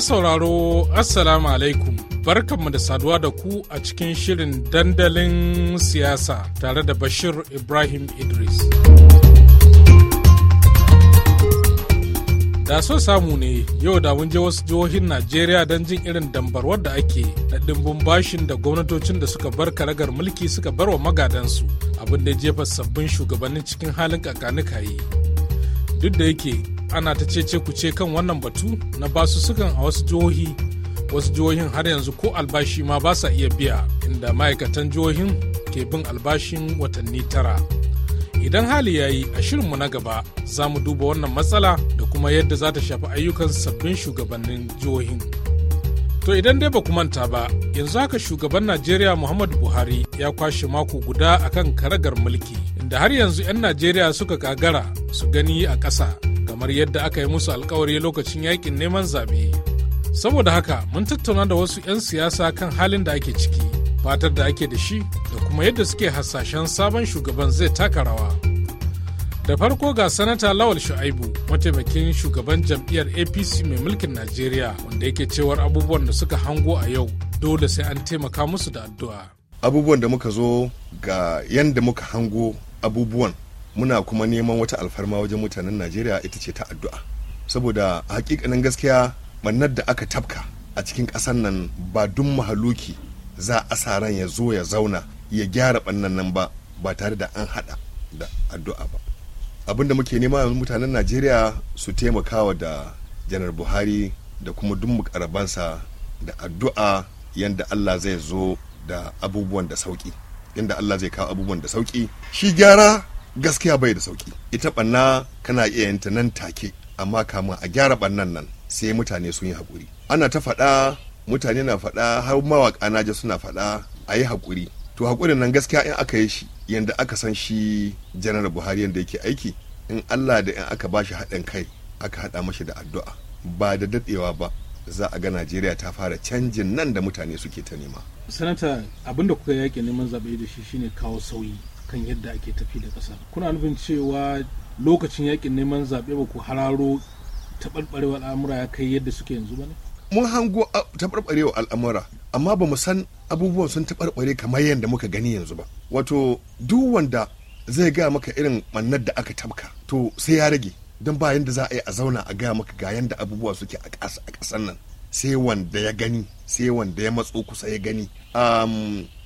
sauraro assalamu alaikum barkanmu da saduwa da ku a cikin shirin dandalin siyasa tare da bashir ibrahim idris da so samu ne yau da mun wasu jihohin najeriya don jin irin dambarwar da ake na dimbin bashin da gwamnatocin da suka bar karagar mulki suka bar wa magadansu abin da jefa sabbin shugabannin cikin halin kakanikayi duk da yake ana ta cece ku ce kan wannan batu na basu sukan a wasu jihohi wasu jihohin har yanzu ko albashi ma ba sa iya biya inda ma'aikatan jihohin ke bin albashin watanni tara idan hali ya yi a shirinmu na gaba za mu duba wannan matsala da kuma yadda za ta shafi ayyukan sabbin shugabannin jihohin to idan dai ba ku manta ba yanzu haka shugaban najeriya muhammadu buhari ya kwashe mako guda akan karagar mulki inda har yanzu 'yan najeriya suka gagara su gani a ƙasa kamar yadda aka yi musu alkawari lokacin yakin neman zaɓe. Saboda haka mun tattauna da wasu 'yan siyasa kan halin da ake ciki, fatar da ake da shi da kuma yadda suke hasashen sabon shugaban zai taka rawa. Da farko ga sanata Lawal Shu'aibu, mataimakin shugaban jam'iyyar APC mai mulkin Najeriya, wanda yake cewar abubuwan da suka hango a yau dole sai an taimaka musu da addu'a. Abubuwan da muka zo ga yadda muka hango abubuwan muna kuma neman wata alfarma wajen mutanen najeriya ita ce ta addu'a saboda hakikanin gaskiya mannar da aka tabka a cikin ƙasar nan ba dun mahaluki za a sa ran ya zo ya zauna ya gyara ɓannan nan ba ba tare da an hada da addu'a ba abin da muke nema mutanen najeriya su taimakawa da janar buhari da kuma duk mukarabansa da addu'a yadda allah zai zo da abubuwan da sauki yadda allah zai kawo abubuwan da sauki shi gyara gaskiya bai da sauki ita ɓanna kana iya yin ta nan take amma kama a gyara ɓannan nan sai mutane sun yi haƙuri ana ta faɗa mutane na faɗa har mawaƙa na suna faɗa a yi haƙuri. to hakurin nan gaskiya in aka yi shi yanda aka san shi janar buhari yanda yake aiki in allah da in aka bashi haɗin kai aka haɗa mashi da addu'a ba da daɗewa ba za a ga najeriya ta fara canjin nan da mutane suke ta nema sanata abinda kuka yaƙi neman zaɓe da shi shine kawo sauyi kan yadda ake tafi da ƙasa kuna nufin cewa lokacin yakin neman zaɓe ba ku hararo taɓarɓarewa al'amura ya kai yadda suke yanzu ba ne mun hango taɓarɓarewa al'amura amma ba mu san abubuwan sun taɓarɓare kamar yadda muka gani yanzu ba wato duk wanda zai gaya maka irin mannar da aka tabka to sai ya rage don ba yadda za a yi a zauna a gaya maka ga yadda abubuwa suke a ƙasan nan sai wanda ya gani sai wanda ya matso kusa ya gani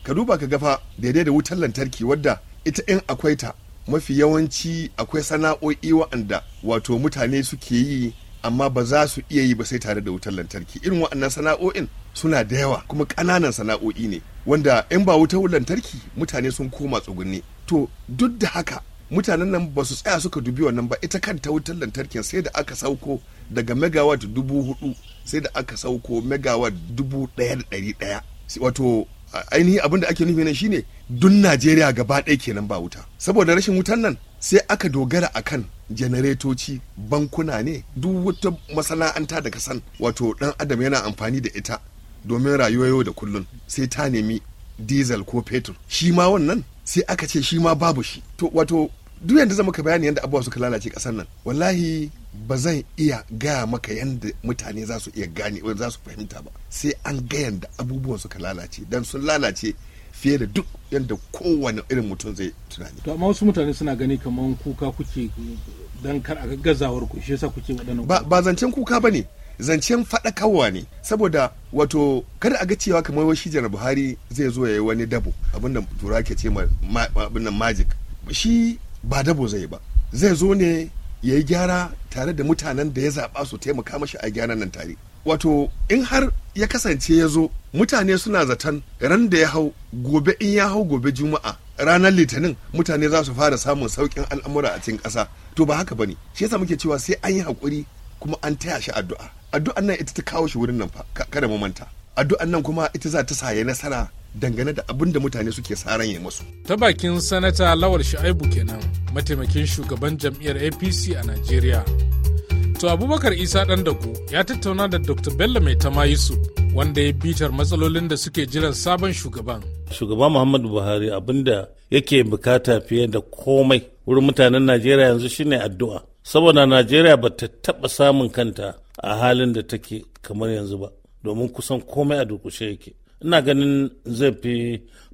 ka duba ka gafa daidai da wutar lantarki wadda ita in akwai ta mafi yawanci akwai sana'o'i wa'anda wato mutane suke yi amma ba za su iya yi ba sai tare da wutar lantarki irin wa'annan sana'o'in suna da yawa kuma ƙananan sana'o'i ne wanda in ba wutar lantarki mutane sun koma tsugunni to duk da haka mutanen nan ba su tsaya suka dubi wannan ba ita kanta wutar lantarkin sai da aka sauko daga megawatt dubu hudu sai da aka sauko megawatt dubu ɗaya da ɗari ɗaya wato ainihin abin da ake nufi nan shine dun najeriya gaba ɗaya kenan ba wuta saboda rashin wutan nan sai aka dogara akan janaretoci bankuna ne duk wata masana'anta daga san. wato ɗan adam yana amfani da ita domin rayuwa yau da kullun sai ta nemi diesel ko fetur shi ma wannan sai aka ce shi ma babu shi to wato duk yadda zan maka bayani yadda abubuwa suka lalace kasar nan wallahi ba zan iya gaya maka yadda mutane za su iya gane za su fahimta ba sai an ga yadda abubuwan suka lalace dan sun lalace fiye da duk yadda kowane irin mutum zai tunani. To amma wasu mutane suna gani kamar kuka kuke dan kar a gazawar ku shi yasa kuke wadannan Ba, ba zancen kuka ba ne zancen faɗakarwa ne saboda wato kada a ga cewa kamar wai shi Buhari zai zo ya yi wani dabo abinda tura ke ce ma abin magic. Shi ba dabo zai ba zai zo ne ya yi gyara tare da mutanen da ya zaɓa su taimaka mashi a gyaran nan tare wato in har ya kasance ya zo mutane suna zaton ran da ya hau gobe in ya hau gobe juma'a ranar litinin mutane za su fara samun sauƙin al'amura a cikin ƙasa to ba haka ne shi yasa muke cewa sai an yi haƙuri kuma an taya shi addu'a addu'an nan ita ta kawo shi wurin nan fa kada mu manta addu'an nan kuma ita za ta saye nasara dangane da abin da mutane suke saran yi masu. Ta bakin sanata Lawal Sha'ibu kenan mataimakin shugaban jam'iyyar APC a Najeriya. To Abubakar Isa ɗan dago ya tattauna da Dr. Bello Mai Tama wanda ya bitar matsalolin da suke jiran sabon shugaban. shugaban Muhammadu Buhari da yake bukata fiye da komai wurin mutanen Najeriya yanzu shine addu'a. Saboda Najeriya ba ta taɓa samun kanta a halin da take kamar yanzu ba. domin kusan komai a durkushe yake ina ganin zai fi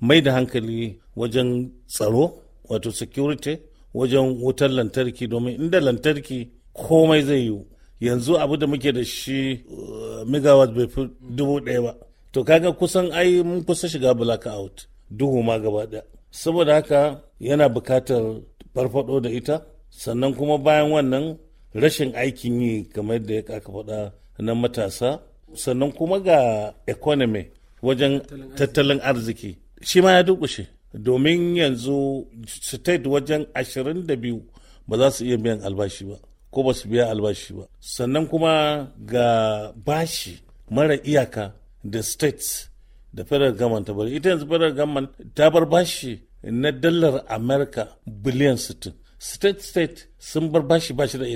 mai da hankali wajen tsaro wato security wajen wutar lantarki domin inda lantarki komai zai yiwu yanzu abu da muke da shi uh, megawatt bai fi dubu ɗaya ba to kaga kusan ai mun kusa shiga blackout duhu ma gaba ɗaya saboda haka yana bukatar farfado da ita sannan kuma bayan wannan rashin aikin yi kamar da ya kaka faɗa na matasa sannan kuma ga economy wajen tattalin arziki shi ma ya dukushe domin yanzu state wajen 22 ba za su iya biyan albashi ba ko ba su biya albashi ba sannan kuma ga bashi mara iyaka da states da federal government ta bari ita yanzu federal government ta bar bashi na dalar america biliyan 60 state state sun bar bashi bashi da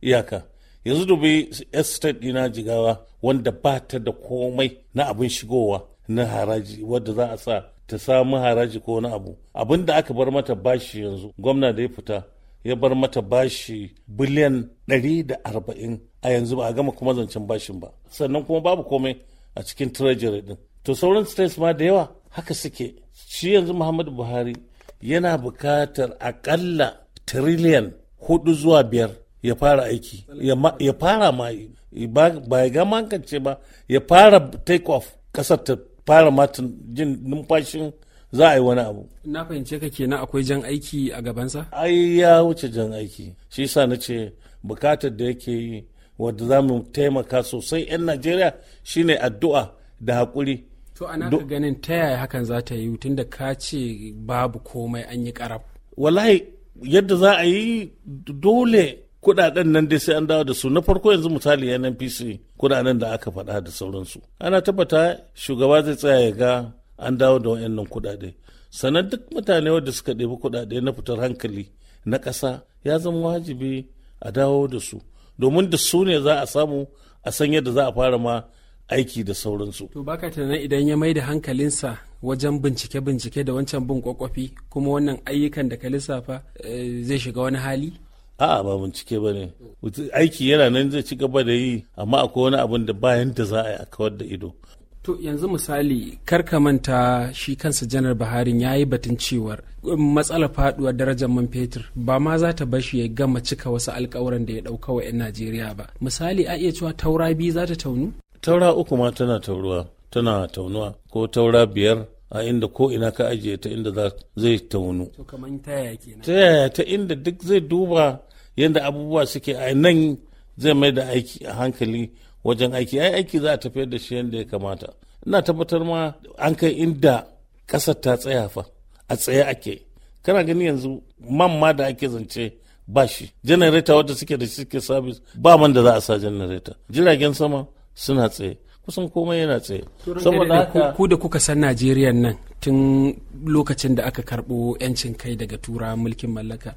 iyaka yanzu dubi estate dina jigawa wanda ba ta da komai na abin shigowa na haraji wadda za a sa ta samu haraji ko wani abu abin da aka bar mata bashi yanzu gwamna da ya fita ya bar mata bashi biliyan 140 a yanzu ba a gama kuma zancen bashin ba sannan kuma babu komai a cikin treasury din to sauran states ma da yawa haka suke shi yanzu muhammadu buhari yana bukatar akalla tiriliyan hudu zuwa biyar ya fara aiki ya fara ma ba ya gama kance ba ya fara take off kasar ta fara matin jin numfashin za a yi wani abu na fahimce ka kenan akwai jan aiki a gabansa ai ya wuce jan aiki shi sa na ce bukatar da yake yi wadda za mu taimaka sosai 'yan najeriya shine addu'a da haƙuri to ana ka ganin ta yaya hakan za ta yi tun da ka ce babu komai an yi karab wallahi yadda za a yi dole kudaden nan dai sai an dawo da su na farko yanzu misali nnpc kudaden da aka faɗa da sauransu ana tabbata shugaba zai tsaya ya ga an dawo da wayannan kudade sannan duk mutane wanda suka ɗebi kudade na fitar hankali na ƙasa ya zama wajibi a dawo da su domin da su ne za a samu a san yadda za a fara ma aiki da sauransu. To baka tunanin idan ya mai da hankalinsa wajen bincike-bincike da wancan bin kwakwafi kuma wannan ayyukan da ka lissafa eh, zai shiga wani hali? a'a ba bincike ba ne aiki yana nan zai ci gaba da yi amma akwai wani abin da bayan da za a yi a kawar da ido to yanzu misali karka manta shi kansa janar buhari ya yi batun cewar um, matsalar faduwar darajar man fetur ba ma za ta bashi ya gama cika wasu alkawuran da ya dauka wa 'yan najeriya ba misali a iya cewa taura biyu za ta taunu taura uku ma tana tauruwa tana taunuwa ko taura biyar a inda ko ina ka ajiye ta inda zai taunu. To kamar Ta yaya ta inda duk zai duba yadda abubuwa suke a nan zai mai da aiki a hankali wajen aiki ai aiki za a tafiyar da shi yadda ya kamata ina tabbatar ma an kai inda ƙasar ta tsaya fa a tsaye ake kana gani yanzu man ma da ake zance ba shi janareta wadda suke da suke sabis ba man da za a sa janareta jiragen sama suna tsaye kusan komai yana tsaye saboda ku da kuka san Najeriya nan tun lokacin da aka karbo yancin kai daga tura mulkin mallaka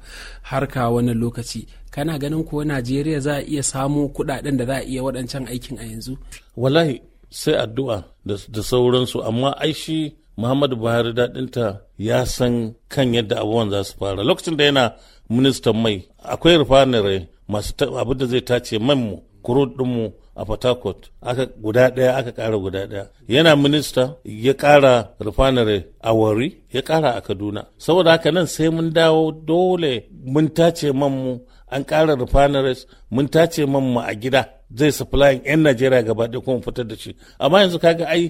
har ka wani lokaci kana ganin ko Najeriya za a iya samu kudaden da za a iya waɗancan aikin a yanzu wallahi sai addu'a da sauransu amma ai shi Muhammadu Buhari daɗinta ya san kan yadda abubuwan za su fara lokacin da yana ministan mai akwai rufanin masu abin da zai tace manmu kurut ɗinmu a Port aka guda ɗaya aka ƙara guda ɗaya yana minista ya ƙara refinery a wari ya ƙara a kaduna saboda haka nan sai mun dawo dole mun tace man mu an ƙara refineries mun tace man mu a gida zai supply 'yan najeriya gaba ɗaya kuma fitar da shi amma yanzu kaga ai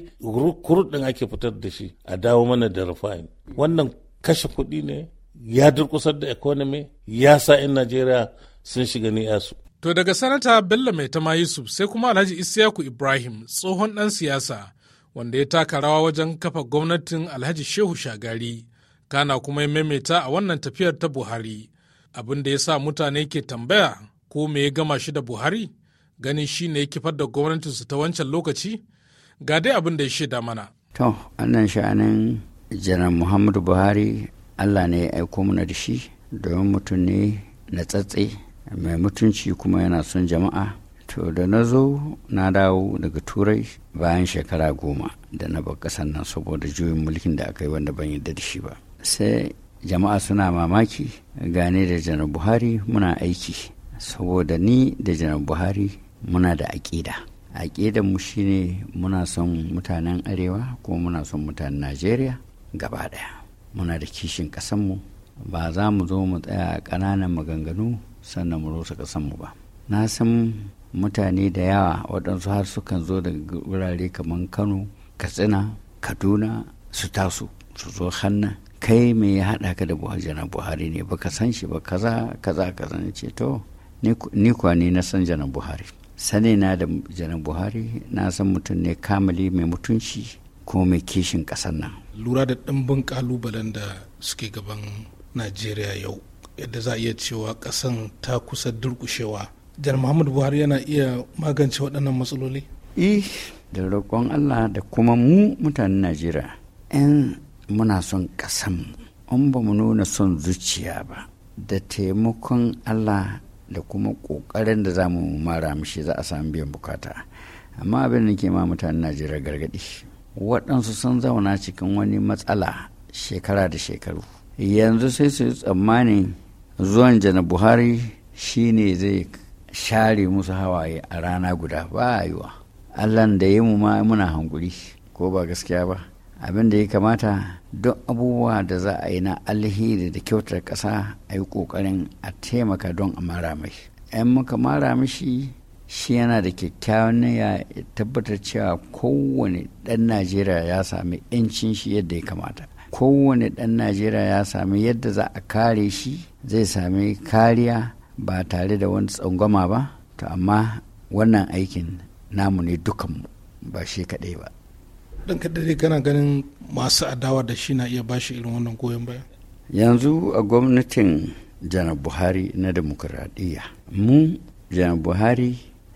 kurut ɗin ake fitar da shi a dawo mana da refine wannan kashe kuɗi ne ya durƙusar da economy ya sa 'yan najeriya sun shiga yasu To daga sanata Bello Mai Tama Yusuf sai kuma Alhaji Isiyaku Ibrahim tsohon ɗan siyasa wanda ya taka rawa wajen kafa gwamnatin Alhaji Shehu Shagari, kana kuma ya maimaita a wannan tafiyar ta Buhari, abin da ya sa mutane ke tambaya ko me ya gama shi da Buhari, ganin shi ne ya kifar da gwamnatinsu ta wancan lokaci, ga dai abin da ya shaida mana. To, annan sha'anin janar Muhammadu Buhari Allah ne ya aiko mana da shi domin mutum ne na tsatse mai mutunci kuma yana son jama'a to da na zo na dawo daga turai bayan shekara goma da na bar ƙasar nan saboda juyin mulkin da aka yi wanda ban yadda da shi ba sai jama'a suna mamaki gane da janar buhari muna aiki saboda ni da janar buhari muna da aƙida aƙidan mu shine muna son mutanen arewa ko muna son mutanen najeriya gaba ɗaya muna da kishin ƙasanmu ba za mu zo mu tsaya a ƙananan maganganu sannan mu rusa mu ba na san mutane da yawa waɗansu har sukan zo daga wurare kamar kano katsina kaduna su taso su zo hanna kai me ya haɗa ka da janar buhari ne baka san shi ba kaza kaza kaza ne ce to ni kuwa ne na san janar buhari sani na da jana buhari na san mutum ne kamali mai mutunci ko mai kishin ƙasar nan lura da ɗimbin ƙalubalen da suke gaban najeriya yau yadda za a iya cewa kasan ta kusa durƙushewa jan muhammad buhari yana iya magance waɗannan matsaloli E, da roƙon allah da kuma mu mutanen najeriya 'yan muna son ƙasan in ba mu nuna son zuciya ba da taimakon allah da kuma ƙoƙarin da za mu mara mishi za a samu biyan bukata amma abin da ke ma mutanen najeriya gargaɗi waɗansu sun zauna cikin wani matsala shekara da shekaru yanzu sai su yi tsammanin zuwan jana buhari shi ne zai share musu hawaye a rana guda ba yiwa allan da ya mu ma muna hanguri ko ba gaskiya ba abin da ya kamata don abubuwa da za a yi na alheri da kyautar ƙasa a yi ƙoƙarin a taimaka don a mara mashi ‘yan muka mara mashi shi yana da kyakkyawan niyya tabbatar cewa kowane ɗan najeriya ya sami ‘yancin shi yadda ya kamata kowane ɗan najeriya ya sami yadda za a kare shi zai sami kariya ba tare da wani tsangwama ba to amma wannan aikin namu ne dukanmu ba shi kaɗai ba don dai kana ganin masu adawa da shi na iya bashi irin wannan goyon baya yanzu a gwamnatin janar buhari na demokuraɗiyya mu janar buhari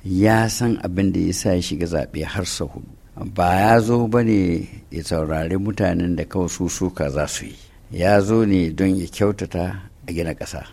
ya san abin da ya sa ya shiga zaɓe har sau hudu ba ya zo ba ne ya saurari mutanen da kawai su suka za su yi ya zo ne don ya kyautata a gina ƙasa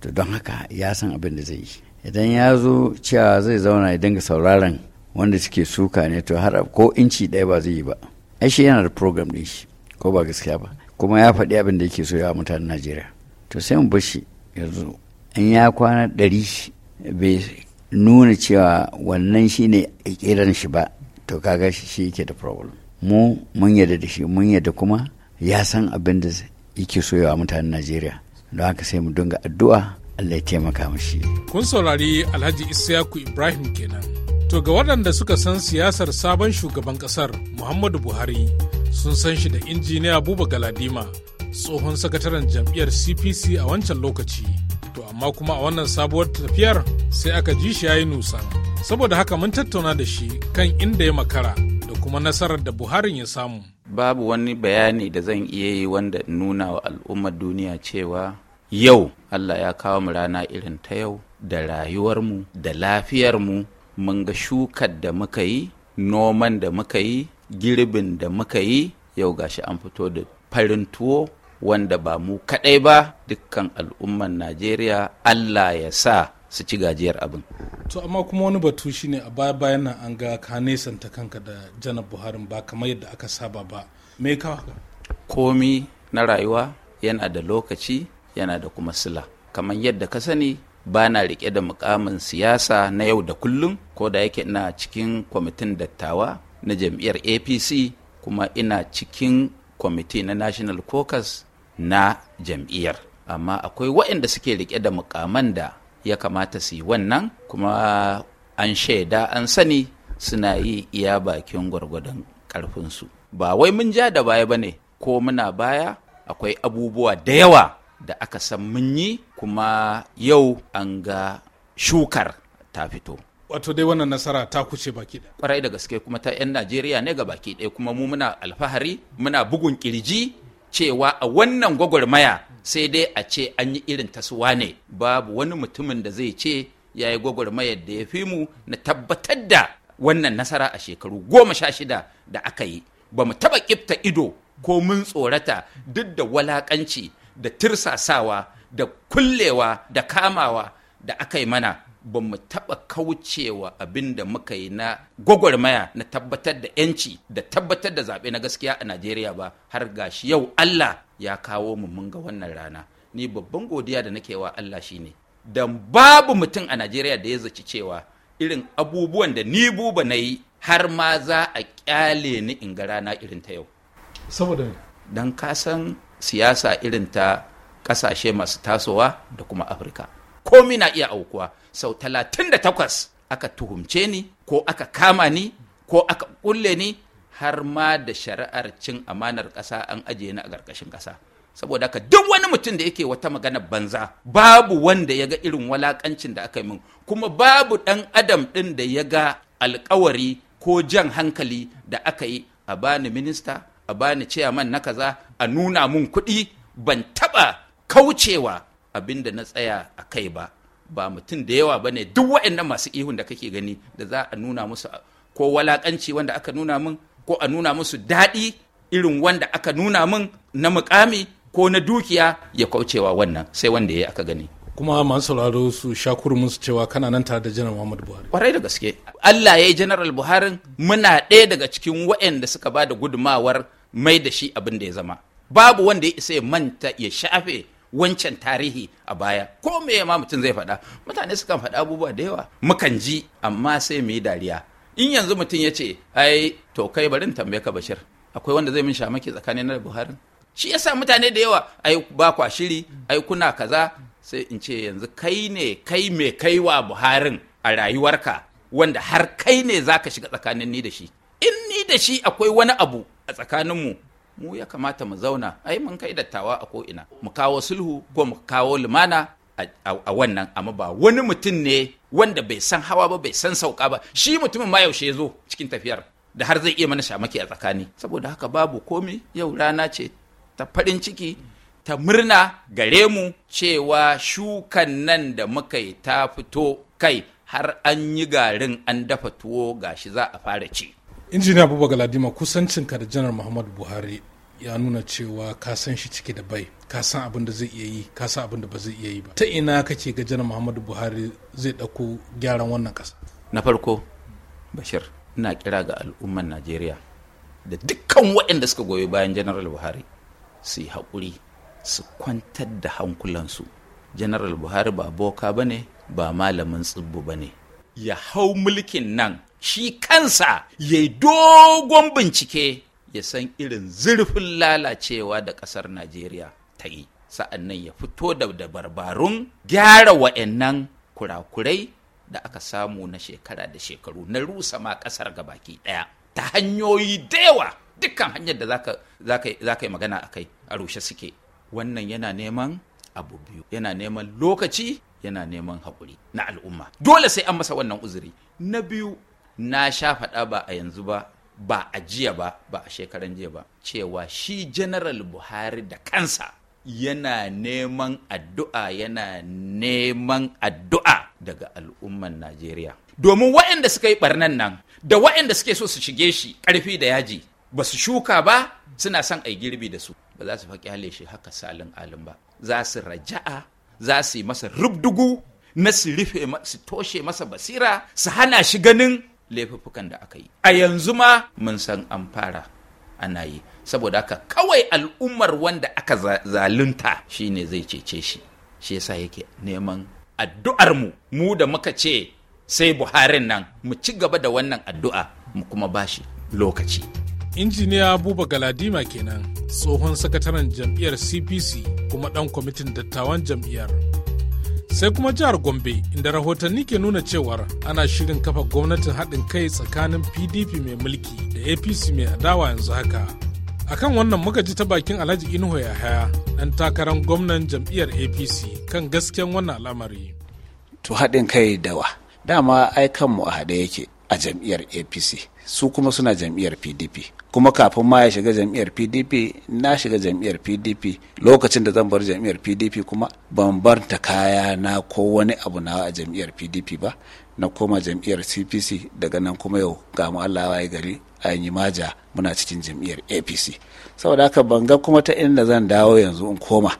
to don haka ya san abin da zai yi idan ya zo cewa zai zauna ya dinga sauraren wanda suke suka ne to har ko inci ɗaya ba zai yi ba ai shi yana da program ɗin shi ko ba gaskiya ba kuma ya faɗi abin da yake so ya mutanen najeriya to sai mu bashi yanzu in ya kwana ɗari bai nuna cewa wannan shine ƙiran shi ba to kaga shi yake da problem mu mun yadda da shi mun yadda kuma ya san abin da yake soyawa mutanen najeriya don haka sai mu dinga addu'a allah ya taimaka mashi kun saurari alhaji isyaku ibrahim kenan to ga waɗanda suka san siyasar sabon shugaban ƙasar muhammadu buhari sun san shi da injiniya buba galadima tsohon sakataren jam'iyyar cpc a wancan lokaci to amma kuma a wannan sabuwar tafiyar sai aka ji shi ya yi nusa Saboda haka mun tattauna da shi kan inda ya makara da kuma nasarar da Buharin ya samu. Babu wani bayani da zan iya yi wanda nuna wa al'ummar duniya cewa yau Allah ya kawo mu rana irin ta yau da rayuwarmu da lafiyarmu mun ga shukar da muka yi noman da muka yi girbin da muka yi yau ga shi an fito da farin tuwo wanda ba mu kaɗai ba dukkan al'ummar najeriya allah ya sa su ci gajiyar abin to amma kuma wani batu shine a baya bayan nan an ga ka nesanta kanka da janar buhari ba kamar yadda aka saba ba me ka komi na rayuwa yana da lokaci yana da kuma sila kamar yadda ka sani ba na rike da mukamin siyasa na yau da kullum ko da yake ina cikin kwamitin dattawa na jam'iyyar apc kuma ina cikin kwamiti na national caucus na jam'iyyar amma akwai waɗanda suke rike da mukaman da ya kamata su yi wannan kuma an shaida an sani suna yi iya bakin gwargwadon karfinsu. ba wai mun ja da baya ba ne ko muna baya akwai abubuwa da yawa da aka san mun yi kuma yau an ga shukar ta fito wato dai wannan nasara ta kuce baki da kwarai da gaske kuma ta 'yan najeriya ne ga baki ɗaya kuma mu muna alfahari muna bugun ƙirji. cewa a wannan gwagwarmaya sai dai a ce an yi irin tasuwa ne babu wani mutumin da zai ce ya yi gwagwarmayar da ya fi mu na tabbatar da wannan nasara a shekaru goma sha shida da aka yi ba mu taɓa kifta ido ko mun tsorata duk da walaƙanci da tirsasawa da kullewa da kamawa da aka yi mana ba mu taɓa kaucewa abin da muka yi na gwagwarmaya na tabbatar da 'yanci da tabbatar da zaɓe na gaskiya a Najeriya ba har gashi yau Allah ya kawo mu mun ga wannan rana. Ni babban godiya da nake wa Allah shi ne. Dan babu mutum a Najeriya da ya zaci cewa irin abubuwan da ni buba na yi har ma za a ƙyale ni in ga rana irin ta yau. Saboda me? Dan kasan siyasa irin ta ƙasashe masu tasowa da kuma Afirka. Komi na iya aukuwa. sau talatin da takwas aka tuhumce ni ko aka kama ni ko aka kulle ni har ma da shari'ar cin amanar ƙasa an ajiye ni a ƙarƙashin ƙasa saboda haka duk wani mutum da yake wata magana banza babu wanda ya ga irin walaƙancin da aka yi min kuma babu ɗan adam ɗin da ya ga alƙawari ko jan hankali da aka yi a bani minista a bani ciyaman na kaza a nuna mun kuɗi ban taɓa kaucewa abin da na tsaya a kai ba ba mutum da yawa ba ne duk waɗannan masu ihun da kake gani da za a nuna musu ko walakanci wanda aka nuna min ko a nuna musu daɗi irin wanda aka nuna min na mukami ko na dukiya ya kaucewa wannan sai wanda ya aka gani kuma masu sauraro su shakuru musu cewa kana nan tare da janar muhammadu buhari kwarai da gaske allah ya yi janaral buhari muna ɗaya daga cikin waɗanda suka ba da gudumawar mai da shi abin da ya zama babu wanda ya isa ya manta ya shafe wancan tarihi a baya ko me ma mutum zai faɗa mutane sukan faɗa abubuwa da yawa mukan ji amma sai mu yi dariya in yanzu mutum ya ce ai to kai bari in tambaye ka bashir akwai wanda zai min shamaki tsakanin na buhari shi yasa mutane da yawa ai ba kwa shiri ai kuna kaza sai in ce yanzu kai ne kai me wa buharin a rayuwarka wanda har kai ne zaka shiga tsakanin ni da shi in ni da shi akwai wani abu a tsakaninmu mu ya kamata mu zauna ai mun kai dattawa a ko'ina. mu kawo sulhu ko mu kawo lumana a wannan amma ba wani mutum ne wanda bai san hawa ba bai san sauka ba shi mutumin ma yaushe ya zo cikin tafiyar da har zai iya mana shamaki a tsakani saboda haka babu komi yau rana ce ta farin ciki ta murna gare mu cewa shukan nan da muka yi ta fito kai har an yi garin an dafa tuwo gashi za a fara ci injiniya buba galadima kusancinka da janar muhammadu buhari ya nuna cewa ka san shi cike da bai ka san abin da zai iya yi ka san abin da ba zai iya yi ba ta ina kake ga janar muhammadu buhari zai ɗauko gyaran wannan ƙasa na farko bashir ina kira ga al'umman najeriya da dukkan waɗanda suka goyi bayan janar buhari su yi haƙuri su kwantar da hankulansu janar buhari ba boka ba ne ba malamin tsibbu ba ne ya hau mulkin nan shi kansa ya dogon bincike ya san irin zurfin lalacewa da ƙasar Najeriya ta yi, sa'an nan ya fito da dabarbarun gyara wa'yannan kurakurai da aka samu na shekara da shekaru na rusa ma ƙasar baki ɗaya ta hanyoyi da yawa dukkan hanyar da za ka yi magana a kai a rushe suke. Wannan yana neman abu biyu, yana neman lokaci, yana neman haƙuri na al'umma. Dole sai an masa wannan uzuri. Na biyu na sha faɗa ba a yanzu ba ba a jiya ba ba a shekaran jiya ba cewa shi general buhari da kansa yana neman addu'a yana neman addu'a daga al'umman najeriya domin waɗanda suka yi ɓarnan nan da waɗanda suke so su shige shi ƙarfi da yaji ba su shuka ba suna son a girbi da su ba za su faƙi hale shi haka salin alin ba za su raja'a za su yi masa rubdugu na su rufe su toshe masa basira su hana shi ganin laifuffukan da aka yi a yanzu ma mun san an fara ana yi saboda haka kawai al'ummar wanda aka zalunta shine zai cece shi shi yasa yake neman addu'armu. mu da muka ce sai buharin nan mu ci gaba da wannan addu'a mu kuma ba shi. lokaci injiniya buba galadima kenan tsohon sakataren jam'iyyar cpc kuma ɗan kwamitin dattawan jam'iyyar sai kuma jihar gombe inda rahotanni ke nuna cewar ana shirin kafa gwamnatin haɗin kai tsakanin pdp mai mulki da apc mai adawa yanzu haka a kan wannan muka ji ta bakin alhaji ya haya, ɗan takarar gwamnan jam'iyyar apc kan gasken wannan al'amari to haɗin kai dawa dama ai kanmu a haɗe yake a jam'iyyar apc su kuma suna jam'iyyar pdp kuma kafin ma ya shiga jam'iyyar pdp na shiga jam'iyyar pdp lokacin da zan bar jam'iyyar pdp kuma ban barta kaya na ko wani abu na a jam'iyyar pdp ba na koma jam'iyyar cpc daga nan kuma yau ga mu allah waye gari a yi maja muna cikin jam'iyyar apc saboda haka ban ga kuma ta inda zan dawo yanzu in koma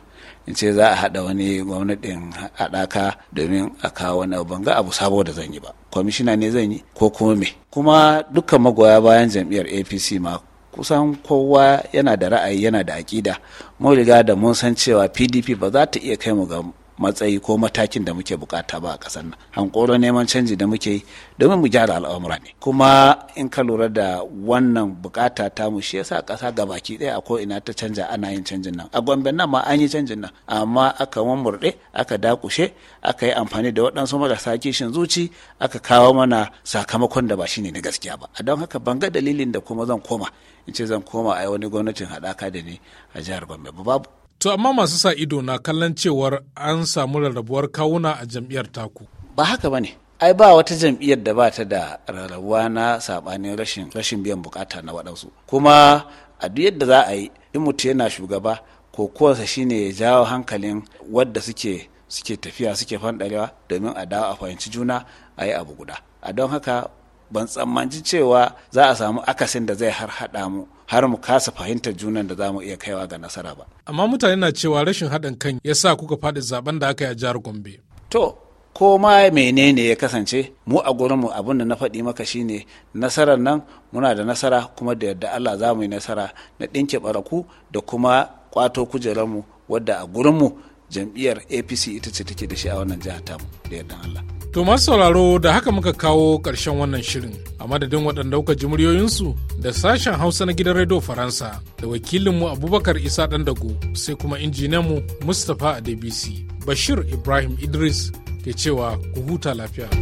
in ce za a haɗa wani gwamnatin haɗaka domin a kawo wani ban ga abu sabo da zan yi ba kwamishina ne zan yi ko kuma me kuma dukkan magoya bayan jam'iyyar apc ma kusan kowa yana da ra'ayi yana da aƙida mun riga da mun san cewa pdp ba za ta iya kai mu ga matsayi ko matakin da muke bukata ba a kasar nan hankoro neman canji da muke yi domin mu gyara al'amura ne kuma in ka lura da wannan bukata ta mu shi yasa ƙasa baki ɗaya a ina ta canja ana yin canjin nan a gombe nan ma an yi canjin nan amma aka mamurɗe aka dakushe aka yi amfani da waɗansu marasa kishin zuci aka kawo mana sakamakon da ba shi ne na gaskiya ba a don haka ban ga dalilin da kuma zan koma in ce zan koma a wani gwamnatin haɗaka da ni a jihar gombe ba babu To amma masu sa ido na kallon cewar an samu rarrabuwar kawuna a jam'iyyar taku. Ba haka ba ne. Ai ba wata jam'iyyar da ba ta da rarrabuwa na saɓanin rashin rashin biyan bukata na waɗansu. Kuma a duk yadda za a yi in mutum yana shugaba ko kowarsa shine ya jawo hankalin wadda suke suke tafiya suke fanɗarewa domin a dawo a fahimci juna a yi abu guda. A don haka ban tsammanci cewa za a samu akasin da zai har haɗa mu har mu kasa fahimtar junan da za mu iya kaiwa ga nasara ba. Amma mutane na cewa rashin haɗin kan ya sa kuka faɗi zaben da aka yi a jihar Gombe. To, ko ma menene ya kasance mu a gurinmu abin da na faɗi maka shine nasarar nan muna da nasara kuma da yadda Allah za mu yi nasara na ɗinke ɓaraku da kuma kwato kujerarmu wadda a gurinmu jam'iyyar apc ita ce take da shi a wannan jihar tamu da yardan allah to masu sauraro da haka muka kawo ƙarshen wannan shirin a madadin waɗanda kuka ji muryoyinsu da sashen hausa na gidan rediyo faransa da wakilinmu abubakar isa ɗan dago sai kuma injinanmu mustapha adebisi bashir ibrahim idris ke cewa ku huta lafiya